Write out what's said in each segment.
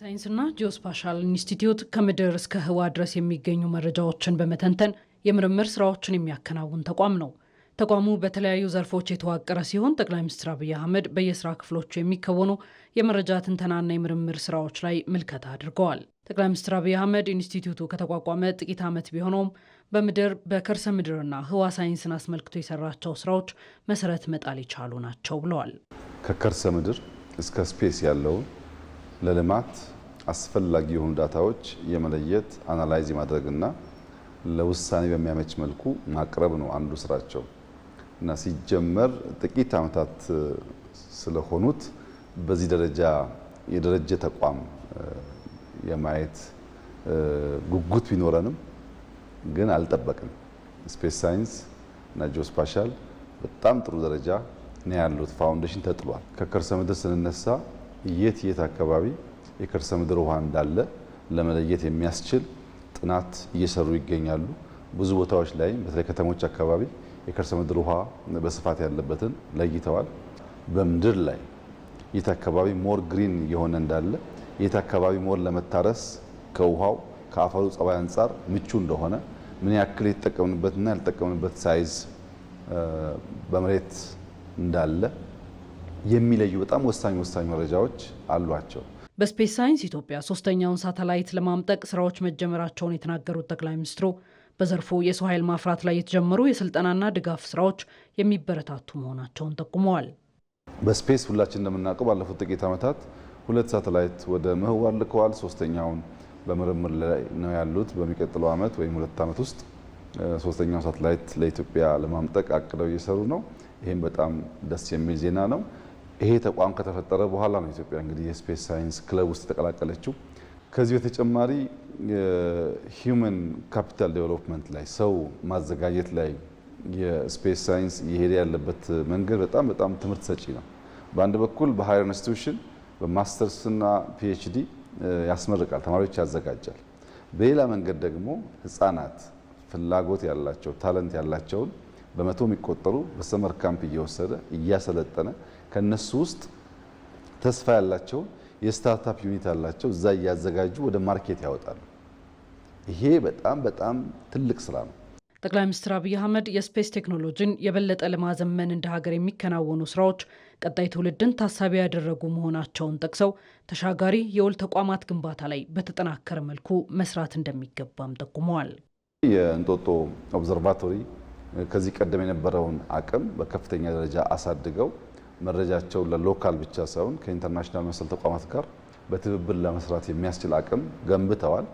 ሳይንስና ጂኦስፓሻል ኢንስቲትዩት ከምድር እስከ ህዋ ድረስ የሚገኙ መረጃዎችን በመተንተን የምርምር ስራዎችን የሚያከናውን ተቋም ነው። ተቋሙ በተለያዩ ዘርፎች የተዋቀረ ሲሆን ጠቅላይ ሚኒስትር አብይ አህመድ በየስራ ክፍሎቹ የሚከወኑ የመረጃ ትንተናና የምርምር ስራዎች ላይ ምልከታ አድርገዋል። ጠቅላይ ሚኒስትር አብይ አህመድ ኢንስቲትዩቱ ከተቋቋመ ጥቂት ዓመት ቢሆነውም በምድር በከርሰ ምድርና ህዋ ሳይንስን አስመልክቶ የሰራቸው ስራዎች መሰረት መጣል የቻሉ ናቸው ብለዋል። ከከርሰ ምድር እስከ ስፔስ ያለውን ለልማት አስፈላጊ የሆኑ ዳታዎች የመለየት አናላይዝ ማድረግና ለውሳኔ በሚያመች መልኩ ማቅረብ ነው አንዱ ስራቸው እና ሲጀመር ጥቂት ዓመታት ስለሆኑት በዚህ ደረጃ የደረጀ ተቋም የማየት ጉጉት ቢኖረንም ግን አልጠበቅም። ስፔስ ሳይንስ እና ጂኦስፓሻል በጣም ጥሩ ደረጃ ነው ያሉት። ፋውንዴሽን ተጥሏል። ከከርሰ ምድር ስንነሳ የት የት አካባቢ የከርሰ ምድር ውሃ እንዳለ ለመለየት የሚያስችል ጥናት እየሰሩ ይገኛሉ። ብዙ ቦታዎች ላይ በተለይ ከተሞች አካባቢ የከርሰ ምድር ውሃ በስፋት ያለበትን ለይተዋል። በምድር ላይ የት አካባቢ ሞር ግሪን የሆነ እንዳለ የት አካባቢ ሞር ለመታረስ ከውሃው ከአፈሩ ጸባይ አንጻር ምቹ እንደሆነ ምን ያክል የተጠቀምንበትና ያልጠቀምንበት ሳይዝ በመሬት እንዳለ የሚለዩ በጣም ወሳኝ ወሳኝ መረጃዎች አሏቸው። በስፔስ ሳይንስ ኢትዮጵያ ሶስተኛውን ሳተላይት ለማምጠቅ ስራዎች መጀመራቸውን የተናገሩት ጠቅላይ ሚኒስትሩ በዘርፉ የሰው ኃይል ማፍራት ላይ የተጀመሩ የስልጠናና ድጋፍ ስራዎች የሚበረታቱ መሆናቸውን ጠቁመዋል። በስፔስ ሁላችን እንደምናውቀው ባለፉት ጥቂት ዓመታት ሁለት ሳተላይት ወደ ምህዋር ልከዋል። ሶስተኛውን በምርምር ላይ ነው ያሉት። በሚቀጥለው ዓመት ወይም ሁለት ዓመት ውስጥ ሶስተኛው ሳተላይት ለኢትዮጵያ ለማምጠቅ አቅደው እየሰሩ ነው። ይህም በጣም ደስ የሚል ዜና ነው። ይሄ ተቋም ከተፈጠረ በኋላ ነው ኢትዮጵያ እንግዲህ የስፔስ ሳይንስ ክለብ ውስጥ ተቀላቀለችው ከዚህ በተጨማሪ ሂውመን ካፒታል ዴቨሎፕመንት ላይ ሰው ማዘጋጀት ላይ የስፔስ ሳይንስ እየሄደ ያለበት መንገድ በጣም በጣም ትምህርት ሰጪ ነው። በአንድ በኩል በሀየር ኢንስቲትዩሽን በማስተርስና ፒኤችዲ ያስመርቃል፣ ተማሪዎች ያዘጋጃል። በሌላ መንገድ ደግሞ ህጻናት ፍላጎት ያላቸው ታለንት ያላቸውን በመቶ የሚቆጠሩ በሰመር ካምፕ እየወሰደ እያሰለጠነ ከነሱ ውስጥ ተስፋ ያላቸውን የስታርታፕ ዩኒት ያላቸው እዛ እያዘጋጁ ወደ ማርኬት ያወጣሉ። ይሄ በጣም በጣም ትልቅ ስራ ነው። ጠቅላይ ሚኒስትር አብይ አህመድ የስፔስ ቴክኖሎጂን የበለጠ ለማዘመን እንደ ሀገር የሚከናወኑ ስራዎች ቀጣይ ትውልድን ታሳቢ ያደረጉ መሆናቸውን ጠቅሰው ተሻጋሪ የውል ተቋማት ግንባታ ላይ በተጠናከረ መልኩ መስራት እንደሚገባም ጠቁመዋል። የእንጦጦ ኦብዘርቫቶሪ ከዚህ ቀደም የነበረውን አቅም በከፍተኛ ደረጃ አሳድገው መረጃቸውን ለሎካል ብቻ ሳይሆን ከኢንተርናሽናል መሰል ተቋማት ጋር በትብብር ለመስራት የሚያስችል አቅም ገንብተዋል።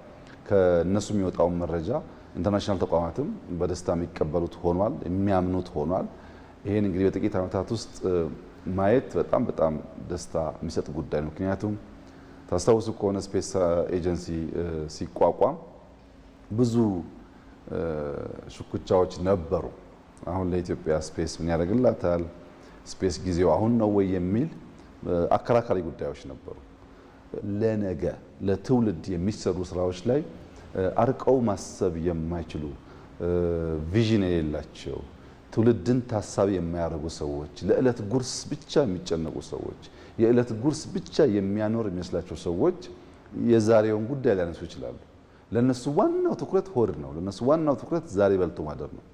ከእነሱ የሚወጣውን መረጃ ኢንተርናሽናል ተቋማትም በደስታ የሚቀበሉት ሆኗል፣ የሚያምኑት ሆኗል። ይህን እንግዲህ በጥቂት ዓመታት ውስጥ ማየት በጣም በጣም ደስታ የሚሰጥ ጉዳይ ነው። ምክንያቱም ታስታውሱ ከሆነ ስፔስ ኤጀንሲ ሲቋቋም ብዙ ሽኩቻዎች ነበሩ። አሁን ለኢትዮጵያ ስፔስ ምን ያደርግላታል፣ ስፔስ ጊዜው አሁን ነው ወይ የሚል አከራካሪ ጉዳዮች ነበሩ። ለነገ ለትውልድ የሚሰሩ ስራዎች ላይ አርቀው ማሰብ የማይችሉ ቪዥን የሌላቸው ትውልድን ታሳቢ የማያደርጉ ሰዎች፣ ለዕለት ጉርስ ብቻ የሚጨነቁ ሰዎች፣ የዕለት ጉርስ ብቻ የሚያኖር የሚመስላቸው ሰዎች የዛሬውን ጉዳይ ሊያነሱ ይችላሉ። ለነሱ ዋናው ትኩረት ሆድ ነው። ለነሱ ዋናው ትኩረት ዛሬ በልቶ ማደር ነው።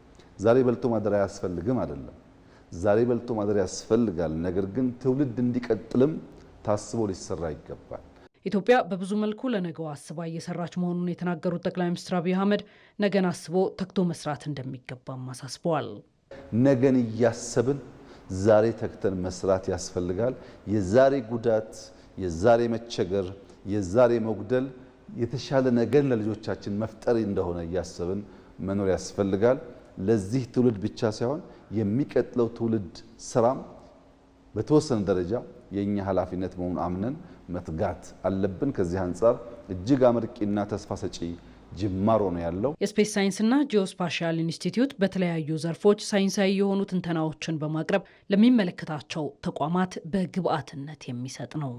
ዛሬ በልቶ ማደር አያስፈልግም አይደለም። ዛሬ በልቶ ማደር ያስፈልጋል። ነገር ግን ትውልድ እንዲቀጥልም ታስቦ ሊሰራ ይገባል። ኢትዮጵያ በብዙ መልኩ ለነገው አስባ እየሰራች መሆኑን የተናገሩት ጠቅላይ ሚኒስትር አብይ አህመድ ነገን አስቦ ተግቶ መስራት እንደሚገባም አሳስበዋል። ነገን እያሰብን ዛሬ ተግተን መስራት ያስፈልጋል። የዛሬ ጉዳት፣ የዛሬ መቸገር፣ የዛሬ መጉደል የተሻለ ነገር ለልጆቻችን መፍጠር እንደሆነ እያሰብን መኖር ያስፈልጋል። ለዚህ ትውልድ ብቻ ሳይሆን የሚቀጥለው ትውልድ ስራም በተወሰነ ደረጃ የእኛ ኃላፊነት መሆኑን አምነን መትጋት አለብን። ከዚህ አንጻር እጅግ አመርቂና ተስፋ ሰጪ ጅማሮ ነው ያለው። የስፔስ ሳይንስና ጂኦስፓሻል ኢንስቲትዩት በተለያዩ ዘርፎች ሳይንሳዊ የሆኑ ትንተናዎችን በማቅረብ ለሚመለከታቸው ተቋማት በግብአትነት የሚሰጥ ነው።